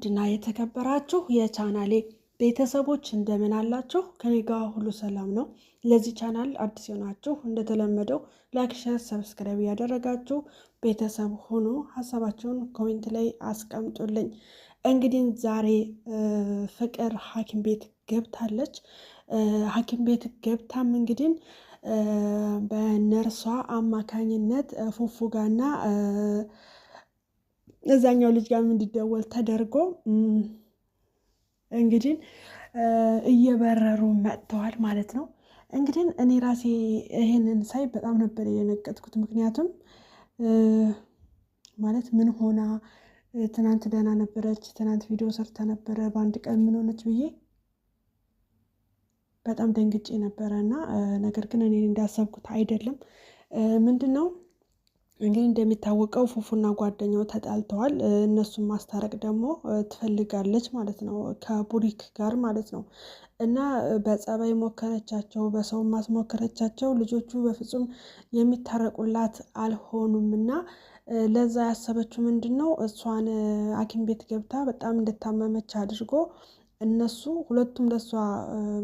ውድና የተከበራችሁ የቻናሌ ቤተሰቦች እንደምን አላችሁ? ከኔ ሁሉ ሰላም ነው። ለዚህ ቻናል አዲስ የሆናችሁ እንደተለመደው ላይክ፣ ሸር፣ ሰብስክራይብ ያደረጋችሁ ቤተሰብ ሆኖ ሀሳባቸውን ኮሜንት ላይ አስቀምጡልኝ። እንግዲህ ዛሬ ፍቅር ሐኪም ቤት ገብታለች። ሐኪም ቤት ገብታም እንግዲህ በነርሷ አማካኝነት ፉፉጋና እዛኛው ልጅ ጋር እንዲደወል ተደርጎ እንግዲህ እየበረሩ መጥተዋል ማለት ነው። እንግዲህ እኔ ራሴ ይሄንን ሳይ በጣም ነበር የደነገጥኩት። ምክንያቱም ማለት ምን ሆና ትናንት ደህና ነበረች፣ ትናንት ቪዲዮ ሰርታ ነበረ፣ በአንድ ቀን ምን ሆነች ብዬ በጣም ደንግጬ ነበረ እና ነገር ግን እኔ እንዳሰብኩት አይደለም ምንድን ነው እንግዲህ እንደሚታወቀው ፉፉና ጓደኛው ተጣልተዋል። እነሱን ማስታረቅ ደግሞ ትፈልጋለች ማለት ነው፣ ከቡሪክ ጋር ማለት ነው። እና በጸባይ ሞከረቻቸው፣ በሰው ማስሞከረቻቸው ልጆቹ በፍጹም የሚታረቁላት አልሆኑም። እና ለዛ ያሰበችው ምንድን ነው እሷን ሐኪም ቤት ገብታ በጣም እንደታመመች አድርጎ እነሱ ሁለቱም ለእሷ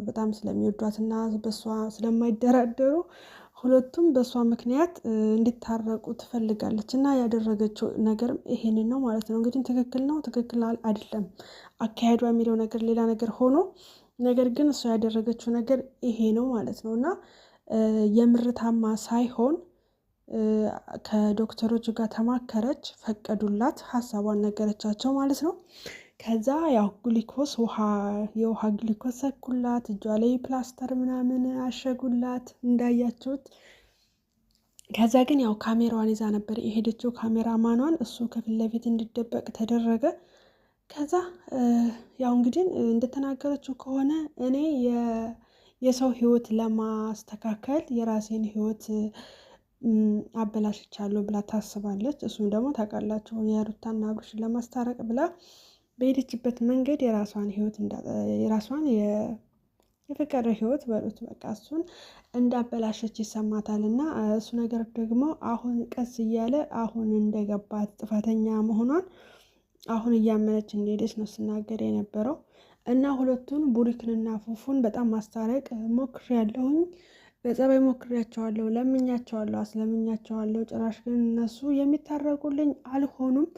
በጣም ስለሚወዷት እና በእሷ ስለማይደራደሩ ሁለቱም በእሷ ምክንያት እንዲታረቁ ትፈልጋለች እና ያደረገችው ነገር ይሄንን ነው ማለት ነው። እንግዲህ ትክክል ነው ትክክል አይደለም አካሄዷ የሚለው ነገር ሌላ ነገር ሆኖ ነገር ግን እሷ ያደረገችው ነገር ይሄ ነው ማለት ነው እና የምርታማ ሳይሆን ከዶክተሮች ጋር ተማከረች፣ ፈቀዱላት፣ ሀሳቧን ነገረቻቸው ማለት ነው። ከዛ ያው ግሊኮስ ውሃ የውሃ ግሊኮስ ሰኩላት፣ እጇ ላይ ፕላስተር ምናምን አሸጉላት እንዳያችሁት። ከዛ ግን ያው ካሜራዋን ይዛ ነበር የሄደችው፣ ካሜራማኗን እሱ ከፊት ለፊት እንዲደበቅ ተደረገ። ከዛ ያው እንግዲህ እንደተናገረችው ከሆነ እኔ የሰው ህይወት ለማስተካከል የራሴን ህይወት አበላሽቻለሁ ብላ ታስባለች። እሱም ደግሞ ታውቃላችሁ የሩታና አብርሽን ለማስታረቅ ብላ በሄደችበት መንገድ የራሷን ህይወት የራሷን የፍቅር ህይወት በሉት በቃ እሱን እንዳበላሸች ይሰማታል። እና እሱ ነገር ደግሞ አሁን ቀስ እያለ አሁን እንደገባት ጥፋተኛ መሆኗን አሁን እያመነች እንደሄደች ነው ስናገር የነበረው። እና ሁለቱን ቡሪክንና ፉፉን በጣም ማስታረቅ ሞክሬ ያለሁኝ በጸባይ ሞክሬያቸዋለሁ፣ ለምኛቸዋለሁ፣ አስለምኛቸዋለሁ። ጭራሽ ግን እነሱ የሚታረቁልኝ አልሆኑም።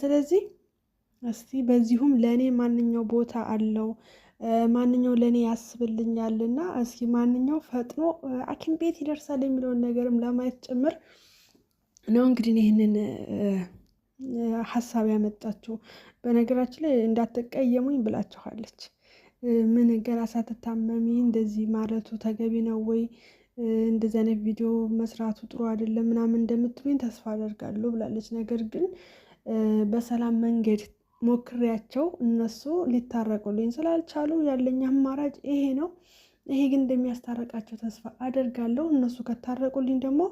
ስለዚህ እስቲ በዚሁም ለእኔ ማንኛው ቦታ አለው ማንኛው ለእኔ ያስብልኛል እና እስኪ ማንኛው ፈጥኖ ሐኪም ቤት ይደርሳል የሚለውን ነገርም ለማየት ጭምር ነው እንግዲህ ይህንን ሀሳብ ያመጣችው። በነገራችን ላይ እንዳትቀየሙኝ ብላችኋለች። ምን ገና ሳትታመሚ እንደዚህ ማለቱ ተገቢ ነው ወይ? እንደዚህ አይነት ቪዲዮ መስራቱ ጥሩ አይደለም ምናምን እንደምትሉኝ ተስፋ አደርጋለሁ ብላለች። ነገር ግን በሰላም መንገድ ሞክሬያቸው እነሱ ሊታረቁልኝ ስላልቻሉ ያለኝ አማራጭ ይሄ ነው። ይሄ ግን እንደሚያስታረቃቸው ተስፋ አደርጋለሁ። እነሱ ከታረቁልኝ ደግሞ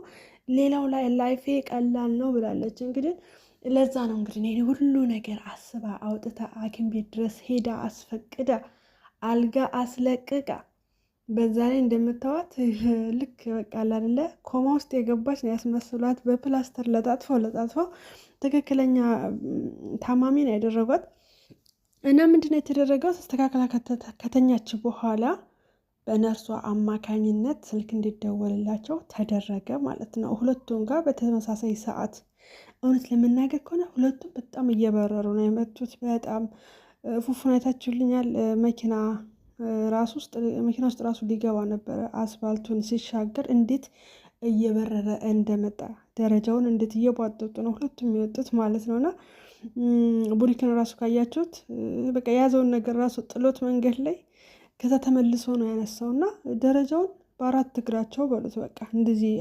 ሌላው ላይ ላይፌ ቀላል ነው ብላለች። እንግዲህ ለዛ ነው እንግዲህ እኔ ሁሉ ነገር አስባ አውጥታ ሐኪም ቤት ድረስ ሄዳ አስፈቅዳ አልጋ አስለቅቃ በዛ ላይ እንደምታዋት ልክ በቃ አላደለ ኮማ ውስጥ የገባች ነው ያስመስሏት። በፕላስተር ለጣጥፈው ለጣጥፈው ትክክለኛ ታማሚን ያደረጓት እና ነው የተደረገው? ተስተካክላ ከተኛች በኋላ በነርሷ አማካኝነት ስልክ እንዲደወልላቸው ተደረገ ማለት ነው። ሁለቱም ጋር በተመሳሳይ ሰዓት እውነት ለመናገር ከሆነ ሁለቱም በጣም እየበረሩ ነው የመጡት። በጣም ፉፉን አይታችሁልኛል። መኪና ራሱ ውስጥ መኪና ውስጥ ራሱ ሊገባ ነበረ አስፋልቱን ሲሻገር እንዴት እየበረረ እንደመጣ ደረጃውን እየቧጠጡ ነው ሁለቱም የሚወጡት ማለት ነውና ቡሪክን ራሱ ካያችሁት በቃ የያዘውን ነገር ራሱ ጥሎት መንገድ ላይ ከዛ ተመልሶ ነው ያነሳው እና ደረጃውን በአራት እግራቸው በሉት በቃ እንደዚህ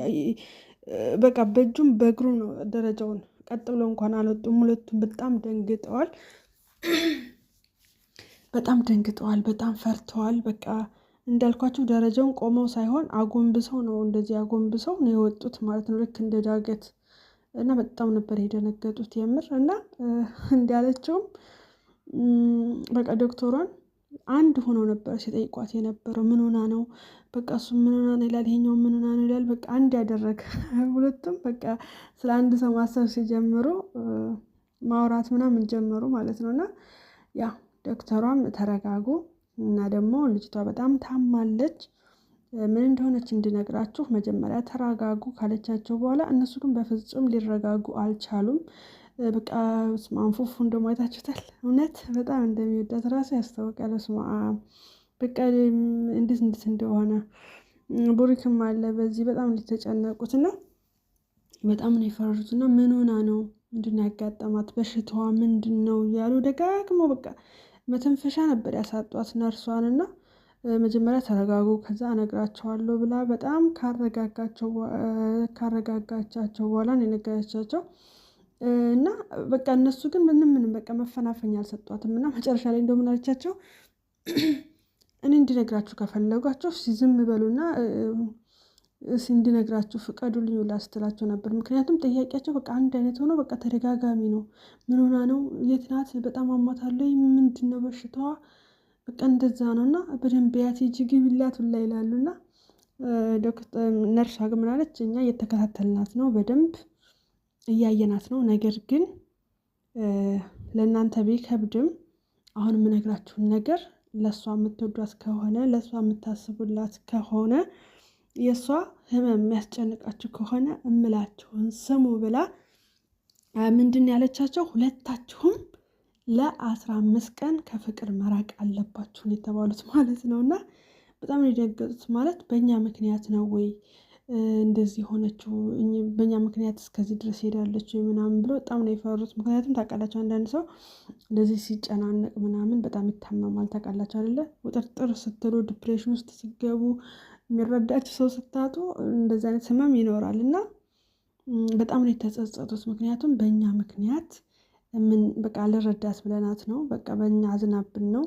በቃ በእጁም በእግሩ ነው ደረጃውን ቀጥ ብሎ እንኳን አልወጡም። ሁለቱም በጣም ደንግጠዋል፣ በጣም ደንግጠዋል፣ በጣም ፈርተዋል። በቃ እንዳልኳችሁ ደረጃውን ቆመው ሳይሆን አጎንብሰው ነው እንደዚህ አጎንብሰው ነው የወጡት ማለት ነው። ልክ እንደ ዳገት እና በጣም ነበር የደነገጡት የምር እና እንዳለችውም በቃ ዶክተሯን አንድ ሆነው ነበር ሲጠይቋት የነበረው ምን ሆና ነው በቃ እሱ ምን ሆና ነው ይላል፣ ይሄኛው ምን ሆና ነው ይላል። በቃ አንድ ያደረገ ሁለቱም በቃ ስለ አንድ ሰው ማሰብ ሲጀምሩ ማውራት ምናምን ጀመሩ ማለት ነው እና ያ ዶክተሯም ተረጋጉ እና ደግሞ ልጅቷ በጣም ታማለች። ምን እንደሆነች እንድነግራችሁ መጀመሪያ ተረጋጉ ካለቻቸው በኋላ እነሱ ግን በፍጹም ሊረጋጉ አልቻሉም። በቃ ስማ አንፉፉ እንደውም አይታችሁታል። እውነት በጣም እንደሚወዳት ራሱ ያስታውቃል። ስማ በቃ እንዴት እንዴት እንደሆነ ቡሪክም አለ በዚህ በጣም ሊተጨነቁት እና በጣም ነው የፈረሩት እና ምን ሆና ነው ምንድን ያጋጠማት በሽታዋ ምንድን ነው እያሉ ደጋግሞ በቃ መተንፈሻ ነበር ያሳጧት ነርሷን እና መጀመሪያ ተረጋጉ ከዛ እነግራቸዋለሁ ብላ በጣም ካረጋጋቻቸው በኋላ ነው የነገረቻቸው። እና በቃ እነሱ ግን ምንም ምንም በቃ መፈናፈኛ አልሰጧትም። እና መጨረሻ ላይ እንደምን አለቻቸው፣ እኔ እንዲነግራችሁ ከፈለጓቸው ዝም በሉና እንድነግራችሁ ፍቀዱልኝ ሁላ ስትላቸው ነበር። ምክንያቱም ጥያቄያቸው በቃ አንድ አይነት ሆኖ በቃ ተደጋጋሚ ነው። ምን ሆና ነው? የት ናት? በጣም አሟታለች። ምንድን ነው በሽታዋ? በቃ እንደዛ ነው እና በደንብ ያት ጅግ ብላት ሁላ ይላሉ እና ነርሷ ግን ምናለች? እኛ እየተከታተልናት ነው፣ በደንብ እያየናት ነው። ነገር ግን ለእናንተ ቢከብድም አሁን የምነግራችሁን ነገር ለእሷ የምትወዷት ከሆነ ለእሷ የምታስቡላት ከሆነ የእሷ ህመም የሚያስጨንቃችሁ ከሆነ እምላችሁን ስሙ ብላ ምንድን ያለቻቸው ሁለታችሁም ለአስራ አምስት ቀን ከፍቅር መራቅ አለባችሁን የተባሉት ማለት ነው። እና በጣም የደገጡት ማለት በእኛ ምክንያት ነው ወይ እንደዚህ የሆነችው በእኛ ምክንያት እስከዚህ ድረስ ሄዳለች ምናምን ብሎ በጣም ነው የፈሩት። ምክንያቱም ታውቃላችሁ አንዳንድ ሰው እንደዚህ ሲጨናነቅ ምናምን በጣም ይታመማል። ታውቃላችሁ አይደለ? ውጥርጥር ስትሉ ዲፕሬሽን ውስጥ ሲገቡ የሚረዳችሁ ሰው ስታጡ እንደዚ አይነት ህመም ይኖራል እና በጣም ነው የተጸጸቱት። ምክንያቱም በእኛ ምክንያት ምን በቃ ልረዳት ብለናት ነው በቃ በእኛ አዝናብን ነው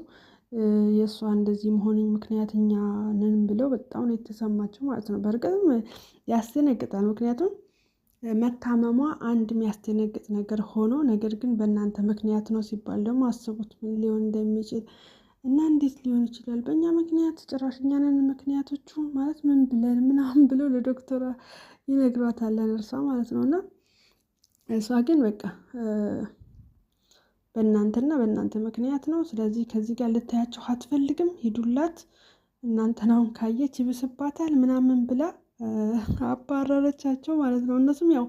የእሷ እንደዚህ መሆን ምክንያት እኛ ነን ብለው በጣም ነው የተሰማቸው ማለት ነው። በእርግጥም ያስደነግጣል። ምክንያቱም መታመሟ አንድ የሚያስደነግጥ ነገር ሆኖ ነገር ግን በእናንተ ምክንያት ነው ሲባል ደግሞ አስቡት ምን ሊሆን እንደሚችል እና እንዴት ሊሆን ይችላል? በእኛ ምክንያት ጭራሽ ምክንያቶቹ ማለት ምን ብለን ምናምን ብለው ለዶክተሯ ይነግሯታለን እርሷ ማለት ነው። እና እሷ ግን በቃ በእናንተና በእናንተ ምክንያት ነው። ስለዚህ ከዚህ ጋር ልታያቸው አትፈልግም፣ ሂዱላት፣ እናንተን አሁን ካየች ይብስባታል ምናምን ብላ አባረረቻቸው ማለት ነው። እነሱም ያው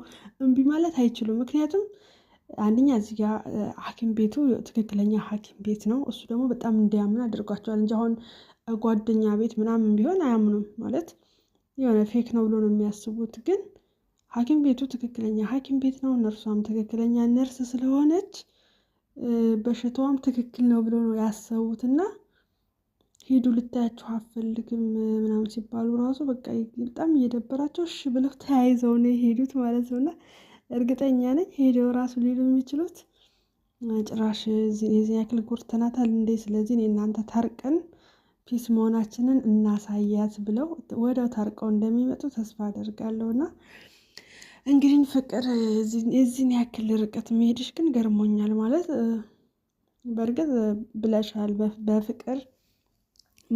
እምቢ ማለት አይችሉም፣ ምክንያቱም አንደኛ እዚህ ሀኪም ሐኪም ቤቱ ትክክለኛ ሐኪም ቤት ነው። እሱ ደግሞ በጣም እንዲያምን አድርጓቸዋል እንጂ አሁን ጓደኛ ቤት ምናምን ቢሆን አያምኑም ማለት የሆነ ፌክ ነው ብሎ ነው የሚያስቡት። ግን ሐኪም ቤቱ ትክክለኛ ሐኪም ቤት ነው። ነርሷም ትክክለኛ ነርስ ስለሆነች በሽታዋም ትክክል ነው ብሎ ነው ያሰቡት እና ሂዱ ልታያቸው አፈልግም ምናምን ሲባሉ ራሱ በቃ በጣም እየደበራቸው እሺ ብለው ተያይዘው ነው የሄዱት ማለት ነውና እርግጠኛ ነኝ ሄደው ራሱ ሊሉ የሚችሉት ጭራሽ የዚህን ያክል ጎርተናታል እንዴ? ስለዚህ እኔ እናንተ ታርቀን ፒስ መሆናችንን እናሳያት ብለው ወደው ታርቀው እንደሚመጡ ተስፋ አደርጋለሁ። እና እንግዲህ ፍቅር የዚህን ያክል ርቀት መሄድሽ ግን ገርሞኛል። ማለት በእርግጥ ብለሻል፣ በፍቅር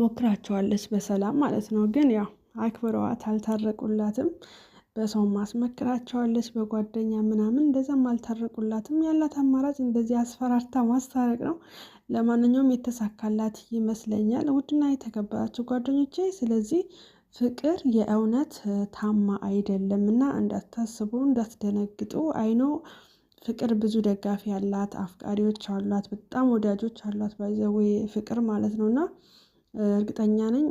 ሞክራቸዋለች፣ በሰላም ማለት ነው። ግን ያው አክብረዋት አልታረቁላትም። በሰው ማስመክራቸዋለች በጓደኛ ምናምን እንደዛም አልታረቁላትም። ያላት አማራጭ እንደዚህ አስፈራርታ ማስታረቅ ነው። ለማንኛውም የተሳካላት ይመስለኛል። ውድና የተከበራችሁ ጓደኞቼ ስለዚህ ፍቅር የእውነት ታማ አይደለም እና እንዳታስቡ፣ እንዳትደነግጡ። አይኖ ፍቅር ብዙ ደጋፊ ያላት አፍቃሪዎች አሏት፣ በጣም ወዳጆች አሏት። ባይዘዌ ፍቅር ማለት ነው እና እርግጠኛ ነኝ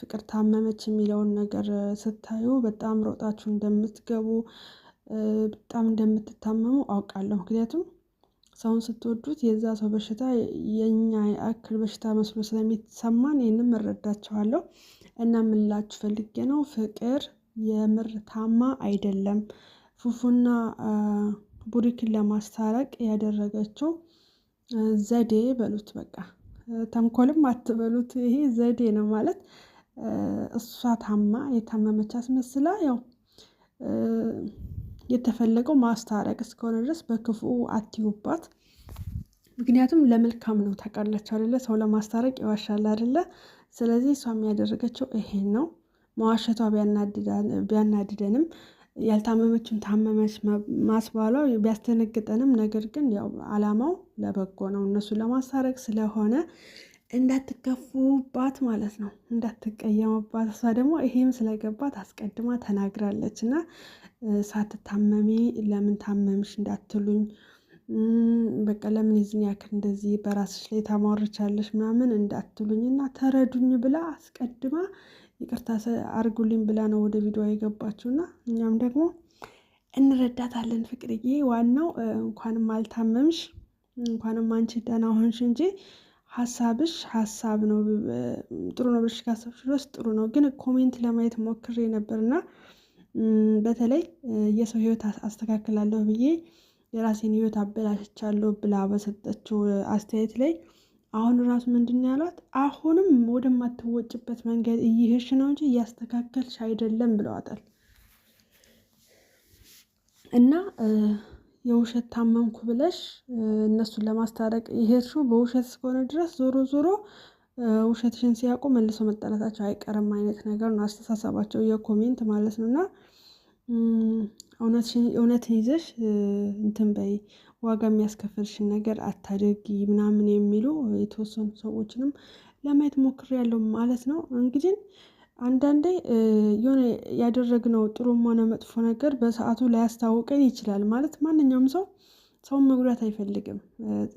ፍቅር ታመመች የሚለውን ነገር ስታዩ በጣም ሮጣችሁ እንደምትገቡ በጣም እንደምትታመሙ አውቃለሁ። ምክንያቱም ሰውን ስትወዱት የዛ ሰው በሽታ የኛ አክል በሽታ መስሎ ስለሚሰማን ይህንም እረዳቸዋለሁ። እና ምንላችሁ ፈልጌ ነው ፍቅር የምር ታማ አይደለም። ፉፉና ቡሪክን ለማስታረቅ ያደረገችው ዘዴ በሉት በቃ ተንኮልም አትበሉት፣ ይሄ ዘዴ ነው ማለት እሷ ታማ የታመመች አስመስላ ያው የተፈለገው ማስታረቅ እስከሆነ ድረስ በክፉ አትዩባት። ምክንያቱም ለመልካም ነው ታውቃለች አይደለ? ሰው ለማስታረቅ ይዋሻል አይደለ? ስለዚህ እሷ የሚያደረገችው ይሄን ነው። መዋሸቷ ቢያናድደንም ያልታመመችም ታመመች ማስባሏ ቢያስደነግጠንም፣ ነገር ግን ያው አላማው ለበጎ ነው፣ እነሱን ለማስታረቅ ስለሆነ እንዳትከፉባት ማለት ነው፣ እንዳትቀየሙባት። እሷ ደግሞ ይሄም ስለገባት አስቀድማ ተናግራለች እና ሳትታመሚ ለምን ታመምሽ እንዳትሉኝ በቃ ለምን ይዝን ያክል እንደዚህ በራስሽ ላይ ታማርቻለሽ ምናምን እንዳትሉኝ እና ተረዱኝ ብላ አስቀድማ ይቅርታ አርጉልኝ ብላ ነው ወደ ቪዲዮ የገባችው እና እኛም ደግሞ እንረዳታለን። ፍቅርዬ ዋናው እንኳንም አልታመምሽ እንኳንም አንቺ ደህና ሆንሽ እንጂ ሀሳብሽ ሀሳብ ነው ጥሩ ነው ብለሽ ካሰብሽ ድረስ ጥሩ ነው። ግን ኮሜንት ለማየት ሞክሬ ነበርና በተለይ የሰው ህይወት አስተካክላለሁ ብዬ የራሴን ህይወት አበላሽቻለሁ ብላ በሰጠችው አስተያየት ላይ አሁን ራሱ ምንድን ያሏት አሁንም ወደማትወጭበት መንገድ እይህሽ ነው እንጂ እያስተካከልሽ አይደለም ብለዋታል እና የውሸት ታመምኩ ብለሽ እነሱን ለማስታረቅ የሄድሽው በውሸት እስከሆነ ድረስ ዞሮ ዞሮ ውሸትሽን ሲያውቁ መልሶ መጠላታቸው አይቀርም አይነት ነገር ነው አስተሳሰባቸው፣ የኮሜንት ማለት ነው። እና እውነትን ይዘሽ እንትን በይ፣ ዋጋ የሚያስከፍልሽን ነገር አታድርጊ ምናምን የሚሉ የተወሰኑ ሰዎችንም ለማየት ሞክሬያለሁ ማለት ነው እንግዲህ አንዳንዴ የሆነ ያደረግነው ጥሩም ሆነ መጥፎ ነገር በሰአቱ ላያስታውቀን ይችላል። ማለት ማንኛውም ሰው ሰውን መጉዳት አይፈልግም።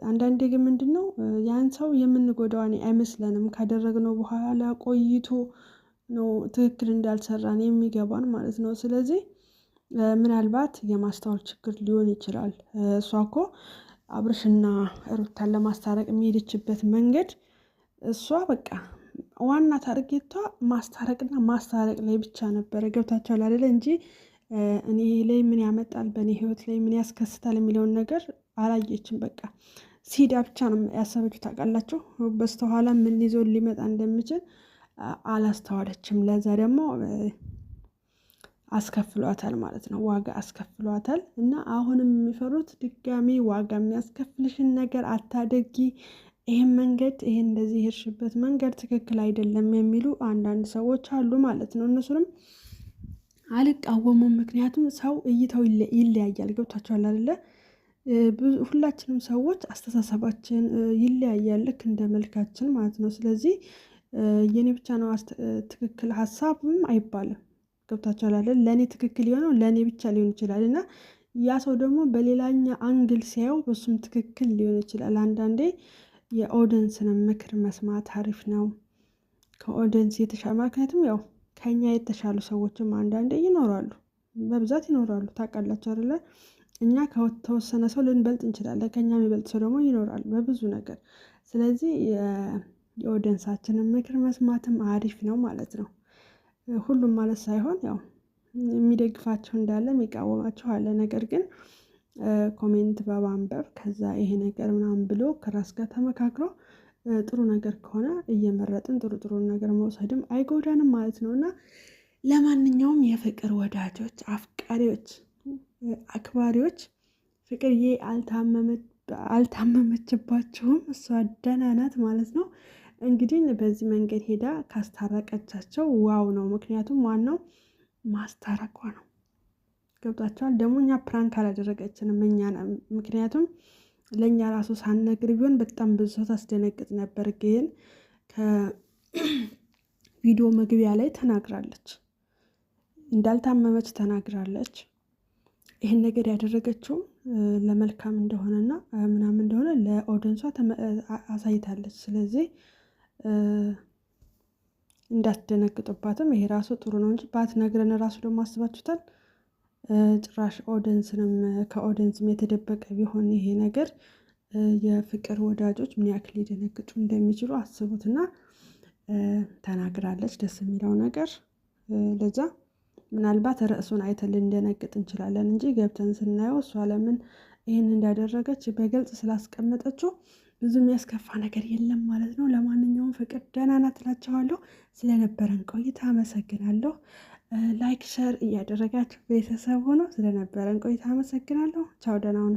አንዳንዴ ግን ምንድነው ያን ሰው የምንጎዳው አይመስለንም ካደረግነው በኋላ ቆይቶ ነው ትክክል እንዳልሰራን የሚገባን ማለት ነው። ስለዚህ ምናልባት የማስታወል ችግር ሊሆን ይችላል። እሷ እኮ አብርሽና ሩታን ለማስታረቅ የሚሄደችበት መንገድ እሷ በቃ ዋና ታርጌቷ ማስታረቅና ማስታረቅ ላይ ብቻ ነበረ። ገብታችኋል አይደለ? እንጂ እኔ ላይ ምን ያመጣል በእኔ ህይወት ላይ ምን ያስከስታል የሚለውን ነገር አላየችም። በቃ ሲዳ ብቻ ነው ያሰበች ታውቃላችሁ፣ በስተኋላ ምን ይዞ ሊመጣ እንደሚችል አላስተዋለችም። ለዛ ደግሞ አስከፍሏታል ማለት ነው፣ ዋጋ አስከፍሏታል። እና አሁንም የሚፈሩት ድጋሚ ዋጋ የሚያስከፍልሽን ነገር አታደጊ ይህም መንገድ ይህን እንደዚህ የሄድሽበት መንገድ ትክክል አይደለም የሚሉ አንዳንድ ሰዎች አሉ ማለት ነው። እነሱንም አልቃወሙም። ምክንያቱም ሰው እይታው ይለያያል። ገብቷቸዋል አይደለ? ሁላችንም ሰዎች አስተሳሰባችን ይለያያል፣ ልክ እንደ መልካችን ማለት ነው። ስለዚህ የኔ ብቻ ነው ትክክል ሀሳብም አይባልም። ገብቷቸዋል አይደለ? ለእኔ ትክክል የሆነው ለእኔ ብቻ ሊሆን ይችላል እና ያ ሰው ደግሞ በሌላኛ አንግል ሲያየው በሱም ትክክል ሊሆን ይችላል አንዳንዴ የኦዲየንስንም ምክር መስማት አሪፍ ነው። ከኦዲየንስ የተሻለ ምክንያቱም ያው ከኛ የተሻሉ ሰዎችም አንዳንዴ ይኖራሉ፣ በብዛት ይኖራሉ። ታውቃላችሁ አይደለ? እኛ ከተወሰነ ሰው ልንበልጥ እንችላለን፣ ከኛ የሚበልጥ ሰው ደግሞ ይኖራል በብዙ ነገር። ስለዚህ የኦዲየንሳችንን ምክር መስማትም አሪፍ ነው ማለት ነው። ሁሉም ማለት ሳይሆን ያው የሚደግፋቸው እንዳለ የሚቃወማቸው አለ። ነገር ግን ኮሜንት በማንበብ ከዛ ይሄ ነገር ምናምን ብሎ ከራስ ጋር ተመካክሮ ጥሩ ነገር ከሆነ እየመረጥን ጥሩ ጥሩ ነገር መውሰድም አይጎዳንም ማለት ነው። እና ለማንኛውም የፍቅር ወዳጆች፣ አፍቃሪዎች፣ አክባሪዎች ፍቅርዬ አልታመመችባቸውም። እሷ ደህና ናት ማለት ነው። እንግዲህ በዚህ መንገድ ሄዳ ካስታረቀቻቸው ዋው ነው። ምክንያቱም ዋናው ማስታረቋ ነው። ገብቷቸዋል። ደግሞ እኛ ፕራንክ አላደረገችንም እኛ ምክንያቱም ለእኛ ራሱ ሳንነግር ቢሆን በጣም ብዙ ሰው ታስደነግጥ ነበር። ግን ከቪዲዮ መግቢያ ላይ ተናግራለች፣ እንዳልታመመች ተናግራለች። ይህን ነገር ያደረገችው ለመልካም እንደሆነና ምናምን እንደሆነ ለኦደንሷ አሳይታለች። ስለዚህ እንዳስደነግጡባትም ይሄ ራሱ ጥሩ ነው እንጂ ባትነግረን ራሱ ደግሞ አስባችሁታል ጭራሽ ኦደንስንም ከኦደንስም የተደበቀ ቢሆን ይሄ ነገር የፍቅር ወዳጆች ምን ያክል ሊደነግጡ እንደሚችሉ አስቡትና ተናግራለች። ደስ የሚለው ነገር ለዛ ምናልባት ርዕሱን አይተን ልንደነግጥ እንችላለን እንጂ ገብተን ስናየው እሷ ለምን ይህን እንዳደረገች በግልጽ ስላስቀመጠችው ብዙ የሚያስከፋ ነገር የለም ማለት ነው። ለማንኛውም ፍቅር ደህና ናት እላቸዋለሁ። ስለነበረን ቆይታ አመሰግናለሁ። ላይክ ሸር እያደረጋችሁ ቤተሰብ ሆኖ ስለነበረን ቆይታ አመሰግናለሁ። ቻው፣ ደህና